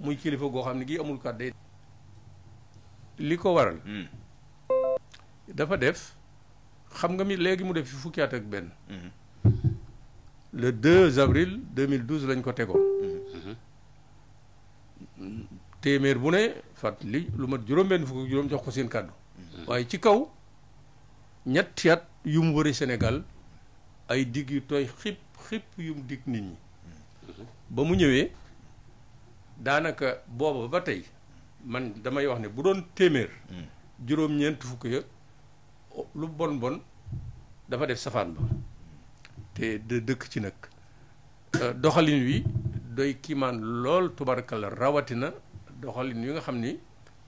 muy kilifa goo xam ne gi amul kàddu day li ko waral hmm. dafa def xam nga mi léegi mu def fi fukki at ak benn hmm. le 2 avril 2012 lañ ko tegoon hmm. téeméer bu ne fàttali lu mat juróom-benn fukk juróom jox ko seen kàddu waaye ci kaw ñetti at yu mu wëri Sénégal ay digg yu tooy xip xip yu mu nit ñi ba mu ñëwee daanaka booba ba tey man damay wax ne bu doon téeméer hmm. juróom-ñeent fukk ya lu bon bon dafa def safaan ba te de dëkk ci nag euh, doxalin wi doy kiimaan lool tubarkal rawatina doxalin yi nga xam ni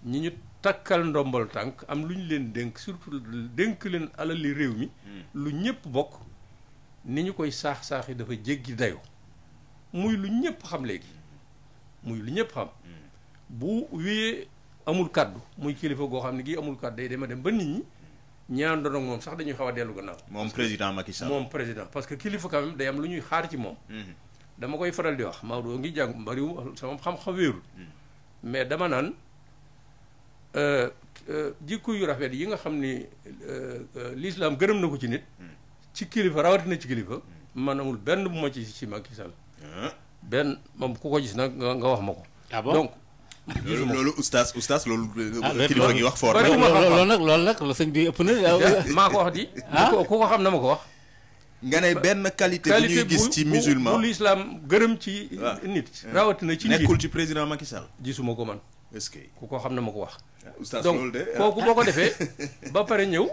ñi ñu takkal ndombal tànk am lu ñu leen dénk surtout dénk leen alali réew mi hmm. lu ñëpp bokk ni ñu koy saax-saaxi dafa jéggi dayo muy lu ñëpp xam léegi muy lu ñëpp xam bu wiyee amul kaddu muy kilifa goo xam ne gii amul kaddu day dem a dem ba nit ñi ñaan doon moom sax dañuy xaw a dellu gannaaw. moom président Macky Sall moom président parce que kilifa quand day am lu ñuy xaar ci moom. Mm-hmm. dama koy faral di wax Maodo ngi jàng bariwul sama xam-xam wéerul. Mm-hmm. dama naan euh, euh, jikko yu rafet yi nga xam ni euh, l'islam gërëm na ko ci nit. Mm-hmm. ci kilifa rawatina ci kilifa. man amul benn bu ma ci ci benn moom ku ko gis nag nga wax ma ko. ah bon donc. gisuma loolu oustaz oustaz loolu. Euh, ah, kilifa gi wax fort loolu loolu nag loolu nag sëñ bi ëpp na. Eh, maa ko wax di. Ah? ku ko xam na ma ko wax. nga ne benn qualité bu ñuy gis ci musulman gërëm ci ah. nit. rawatina ci nekkul ci président Macky Sall. gisuma ko man. est que ku ko xam na ma ko wax. oustaz loolu donc kooku boo ko defee ba pare ñëw.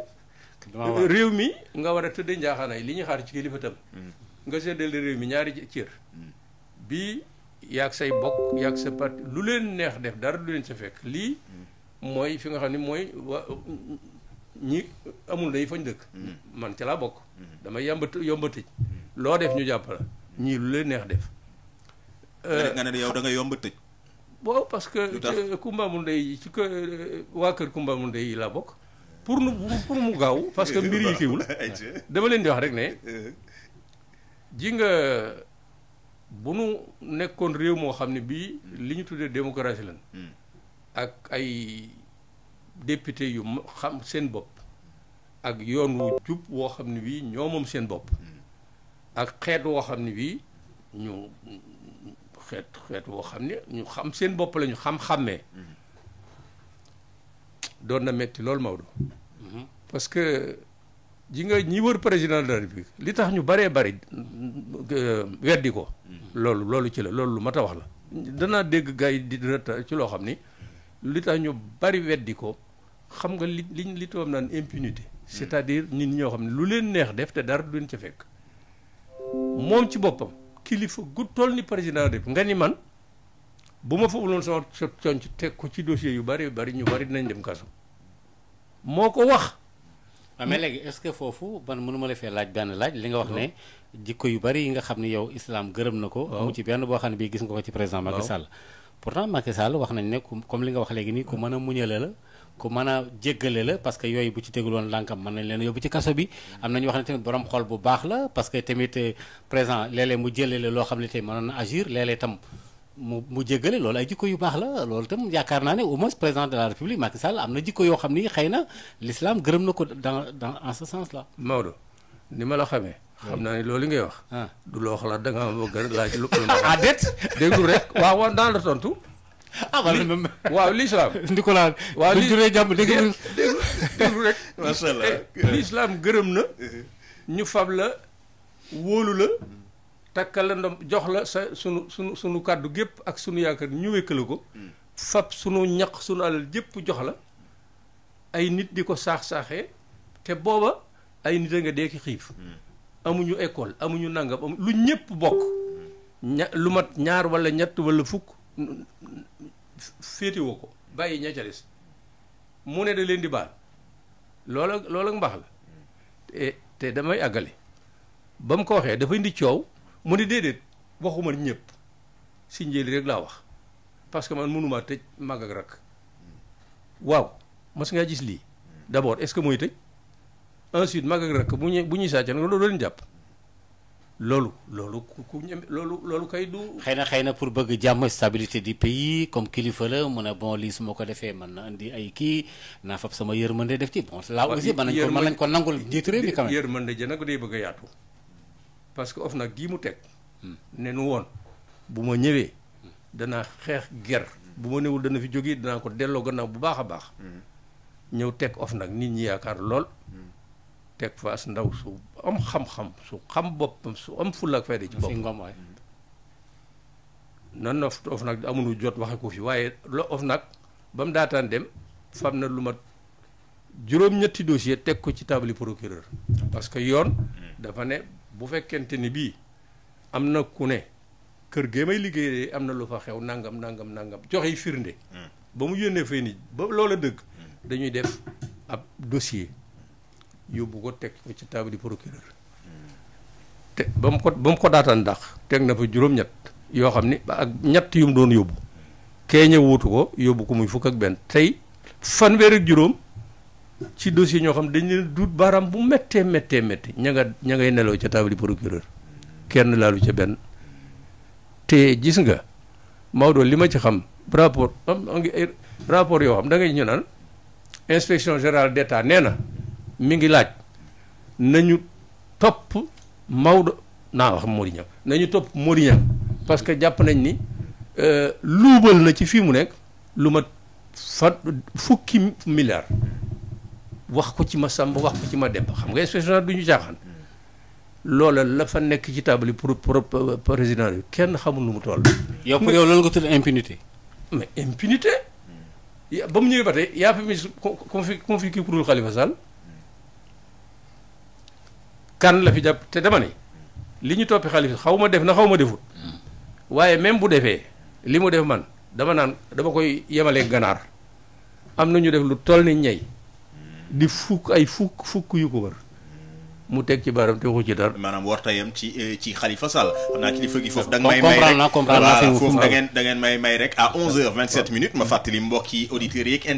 réew mi nga war a tëddee njaaxaanay li ñuy xaar ci kilifa tam. Hmm. nga séddale réew mi ñaari cër. Hmm. bii yaag say bokk yaag sa parti lu leen neex def dara lu leen sa fekk lii mooy fi nga xam ni mooy wa ñi amul day fañ dëkk mm. man ca laa bokk mm. damay yomba yomba tëj loo def ñu jàpp la ñii lu leen neex def nga ne euh, yow da nga yomba tëj bon parce que Kumba Moundé ci ko waa kër Kumba Moundé yi laa bokk pour nu mu gaaw parce que mbir yi kiwul dama leen di wax rek ne euh. ji nga bu nu nekkoon réew moo xam ne bii li ñu tuddee démocratie lan hmm. ak ay député yu xam seen bopp ak yoon wu jub woo xam ne bii ñoo moom seen bopp hmm. ak xeet woo xam ne wii ñu xeet xeet woo xam ne ñu xam seen bopp lañu ñu xam-xàmmee hmm. doon na metti loolu Maodo parce que ji nga ñi wër président de la li tax ñu baree bari euh, weddi ko. loolu loolu ci la loolu lu mat a wax la. danaa dégg gars yi di rëtta ci loo xam ni li tax ñu bari weddi ko xam nga li li toog naan impunité. c'est-à-dire nit ñoo xam ne lu leen neex def te dara du leen ca fekk. moom ci boppam kilifa gu tool ni président de la nga ni man bu ma foofuloon sama conc teg ko ci dossier yu bari bari ñu bari dinañ dem kaso moo ko wax. Ah, mais léegi est-ce que foofu man mënu ma la fee laaj benn laaj li nga wax ne jikko yu bari yi nga xam ne yow islam gërëm na ko mu ci benn boo xam ne bii gis nga ko ci président Macky Sall pourtant Macky wax nañ ne comme li nga wax léegi nii ku mën a muñale la ku mën a jéggale la parce que yooyu bu ci teguloon lànkam mën nañ leen yóbbu ci kaso bi mm. am nañu wax ne tamit borom xool bu baax la parce que tamit euh, présent léeg mu jëlee la loo xam ne tey mënoon na agir léeg-léeg mu mu jéggale loolu ay jikko yu baax la loolu itam yaakaar naa ne au moins président de la république Macky Sall am na jikko yoo xam ni xëy na l'islam gërëm na ko dans en ce sens là. Maodo ma la xamee. xam naa ne loolu ngay wax. Ah. du loo xalaat da ngaa bëgg laaj lu. ah rek waaw waaw la tontu. ah wala waaw l'islam. ndi ko waaw li juree jàmm dégg nga eh, gërëm na. ñu fab la wóolu la. takkal la jox la sa sunu sunu sunu kàddu gépp ak sunu yaakaar ñu wékkale ko hmm. fab sunu ñaq sunu alal jëpp jox la ay nit di ko saax-saaxee te booba ay nit a nga dee ki xiif hmm. amuñu école amuñu nangam amu lu ñëpp bokk hmm. ña lu mat ñaar walla ñett walla fukk féetiwoo ko bàyyi ña ca des mu ne da leen di baal loola loola mbaax la te damay àggale ba mu ko waxee dafay indi coow mu ni dedet waxuma ñepp si njëli rek la wax parce que man mënuma tej mag ak rak waaw mas nga gis li d'abord est ce que mooy tëj ensuite mag ak rak bu ñuy sa ñuy lolu nag loolu lolu jàpp ku ku ñem loolu loolu kay du. xeyna xeyna pour bëgg jamm stabilité du pays comme kilifa la mu ne bon lii su ko na andi ay ki na fa sama yërmande def ci bon. la aussi man nañ ko man nañ ko nangul njiitu réew mi quand même yërmande je nak day bëgg yaatu. parce que OFNAC gii mu teg hmm. ne nu woon bu ma ñëwee dana xeex ger bu ma newul dana fi jógee danaa ko delloo gannaaw bu baax a baax hmm. ñëw teg OFNAC nit ñi yaakaar lool hmm. teg faas ndaw su am xam-xam su xam boppam su am fullaak fayda ci boppam nan na OFNAC amuñu jot waxee ko fi waaye lo OFNAC ba mu daataan dem fam na lu ma juróom-ñetti dossier teg ko ci table procureur parce yoon dafa ne bu fekkente ni bii am na ku ne kër gee may liggéeyee am na lu fa xew nangam nangam nangam joxe firnde. Hmm. ba mu yónnee fee nii ba loola dëkk hmm. dañuy def ab dossier yóbbu ko teg ko ci table du procureur. Hmm. te ba mu ko ba mu ko daataan ndax teg na fa juróom-ñett yoo xam ni ak ñett yu mu doon yóbbu. keeña wutu ko yóbbu ko muy fukk ak benn tey fanweer ak juróom. ci dossier ñoo xam dañ leen duut baaraam bu méttee méttee métti ñanga ñangay ña ngay nelaw ca table procureur kenn laalu ca benn te gis nga Maodo li ma ci xam rapport am ngi rapport yoo xam da ngay ñu naan inspection générale d'État nee na mi ngi laaj nañu topp Maodo naa wax Mody na ñu topp Mody Niang parce que jàpp nañ ni euh, luubal na ci fii mu nekk lu mat fa fukki milliards wax ko ci ma sàmba wax ko ci ma dem xam nga inspection du ñu caaxaan loola la fa nekk ci table pour pour président bi kenn xamul nu mu toll. yow pour yow loolu nga tudd impunité. ba mu ñëwee ba tey yaa fi mis ku fi kii ku dul Khalifa Sall. kan la fi jàpp te dama ne li ñu toppi Khalifa xaw ma def na xaw ma defut waaye même bu defee li mu def man dama naan dama koy yemaleeg ganaar am na ñu def lu toll ni ñey di fukk ay fukk fukk yu ko wër mu teg ci baaram te waxu ci dara. maanaam warta yam ci eh, ci Khalifa Sall. xam naa kilifa gi foofu da nga may may rek comprendre naa comprendre naa foofu da ngeen may may rek à 11h27 minutes ma fàttali mbokki auditeurs yeeg.